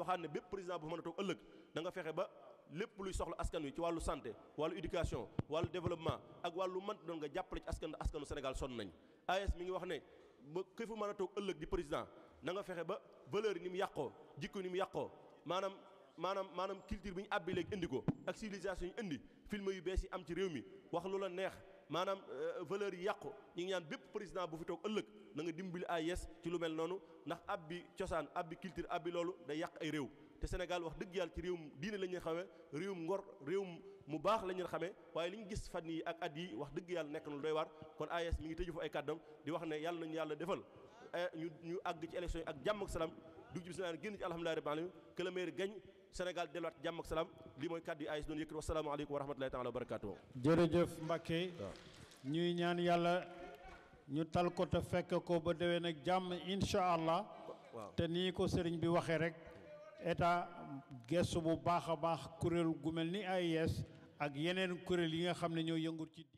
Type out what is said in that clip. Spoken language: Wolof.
waxaat ne bépp président bu mën a toog ëllëg da fexe ba lépp luy soxla askan wi ci wàllu santé wàllu éducation wàllu développement ak wàllu mant doon nga jàppale ci askan askanu Sénégal sonn nañ AS mi ngi wax ne ba kii fu mën ëllëg di président na fexe ba valeur yi ni mu yàqoo jikko ni mu yàqoo maanaam maanaam maanaam culture bi ñu àbbi léegi indi ko ak civilisation yi indi film yu bees yi am ci réew mi wax lu la neex maanaam euh, valeurs yi yàqu ñu ngi ñaan bépp président bu fi toog ëllëg na nga dimbali ay yes ci lu mel noonu ndax ab bi cosaan ab bi culture ab bi loolu day yàq ay réew te Sénégal wax dëgg yàlla ci réew réewum diine la ñu xamee réewum ngor réewum mu baax la ñu xamee waaye li ñu gis fan yi ak at yi wax dëgg yàlla nekk na lu doy waar kon AES mi ngi tëju fa ay kàddam di wax ne yàlla ñu yàlla defal eh, ñu ñu àgg ci élection ak jàmm ak salaam dugg ci bis naan génn ci alhamdulilah Sénégal delluwaat jàmm ak salaam lii mooy kàddu yi AIS doon yëkkati wasalaamaaleykum wa rahmatulahi taala wa barakaatu. jërëjëf Mbacke. ñuy ñaan yàlla ñu tal ko te fekk ko ba déwén nag jàmm incha allah. te nii ko sëriñ bi waxee rek. état gestu bu baax a baax kuréel gu mel ni AIS ak yeneen kuréel yi nga xam ne ñoo yëngu ci.